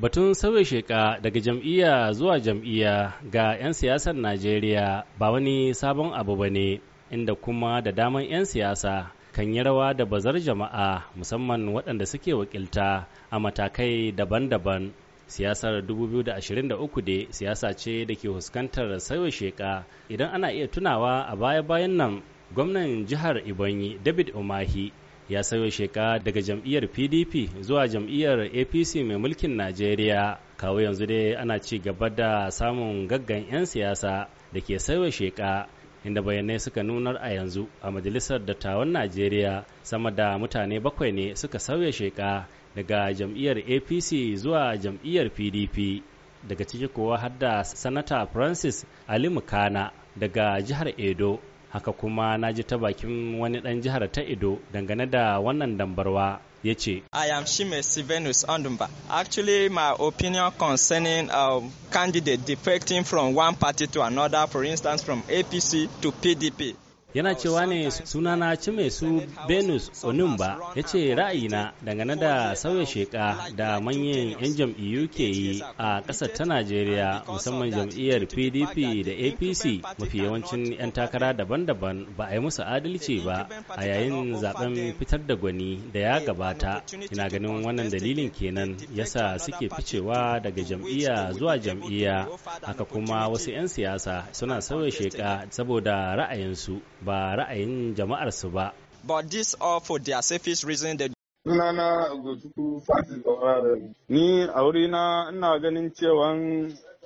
Batun sauya sheka daga jam'iyya zuwa jam'iyya ga 'yan siyasar Najeriya ba wani sabon abu ba ne, inda kuma da daman 'yan siyasa kan yi rawa da bazar jama'a musamman waɗanda suke wakilta a matakai daban-daban. Siyasar 2023 da siyasa ce da ke huskantar sauya sheka idan ana iya tunawa a baya-bayan nan gwamnan jihar Ibonyi David Umahi ya sauya sheka daga jam'iyyar pdp zuwa jam'iyyar apc mai mulkin najeriya kawo yanzu dai ana ci gaba da samun gaggan 'yan siyasa da ke sauya sheka inda bayanai suka nunar a yanzu a majalisar dattawan najeriya sama da mutane bakwai ne suka sauya sheka daga jam'iyyar apc zuwa jam'iyyar pdp daga ciki kuwa har da sanata francis ali mukana daga jihar edo haka kuma na ji ta bakin wani ɗan jihar ta ido dangane da wannan dambarwa ya ce i am shime sivenus ondumba actually my opinion concerning a um, candidate defecting from one party to another for instance from apc to pdp yana cewa ne sunana mai su benus onumba ya ce ra'ayina dangane da sauya sheka da manyan 'yan jam'iyyu ke yi a ƙasar ta najeriya musamman jam'iyyar pdp da apc mafi yawancin 'yan takara daban-daban ba a yi musu adalci ba a yayin zaben fitar da gwani da ya gabata ina ganin wannan dalilin kenan yasa suke ficewa daga jam'iyya zuwa jam'iyya haka kuma wasu 'yan siyasa suna sauya sheka saboda ra'ayinsu ba ra'ayin jama'arsu ba. But this all for their safest reason that sunana gojuku fatin tsauraran ni a wurina ina ganin cewa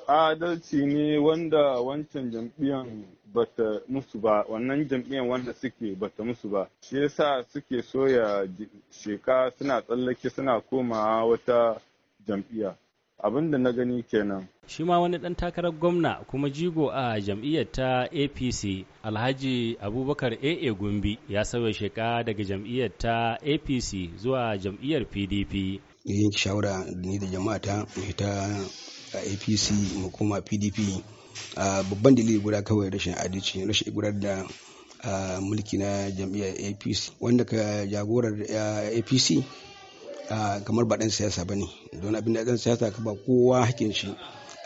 adalci ne wanda wancan jam'iyyar bata musu ba wannan jam'iyyar wanda suke bata musu ba shi yasa suke soya sheka suna tsallake suna komawa wata jam'iyya abin da na gani kenan shi ma wani ɗan takarar gwamna kuma jigo a jam'iyyar ta apc alhaji abubakar aa gumbi ya sauya sheka daga jam'iyyar ta apc zuwa jam'iyyar pdp yin shawara ni da jama'a ta ta apc mu kuma pdp babban dalili guda kawai rashin adalci rashin gudanar da mulki na jam'iyyar apc wanda ka jagorar apc kamar ba dan siyasa ba ne don abin da dan siyasa ka ba kowa hakin shi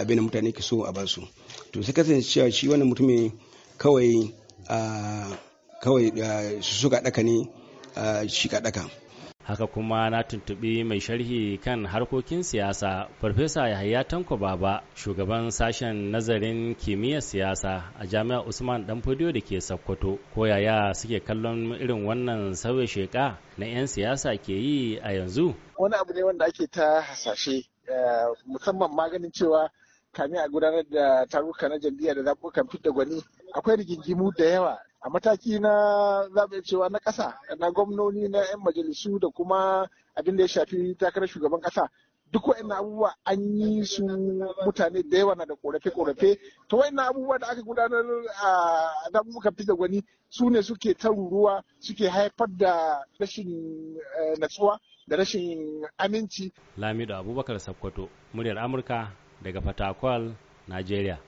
abin da mutane ke so a ba su to sai kasance cewa shi wannan mutumin kawai kawai su suka daka ne shi ka daka haka kuma na tuntubi mai sharhi kan harkokin siyasa farfesa yahaya tanko baba shugaban sashen nazarin kimiyyar siyasa a jami'ar usman dan danfodiyo da ke sokoto ko yaya suke kallon irin wannan sauya sheka na 'yan siyasa ke yi a yanzu wani abu ne wanda ake ta hasashe eh, musamman maganin cewa kami a gudanar da taruka na jam'iya da zaɓuɓɓukan fidda gwani akwai rigingimu da yawa a mataki na zaɓe cewa na ƙasa na gwamnoni na 'yan majalisu da kuma abin da ya shafi takarar shugaban ƙasa duk wa'in abubuwa an yi su mutane da yawa na da korafe-korafe ta wa'in abubuwa da aka gudanar a zaɓuɓɓukan da gwani su ne suke taruruwa suke haifar da rashin e, natsuwa da rashin aminci lamido abubakar sakkwato muryar amurka daga fatakwal nigeria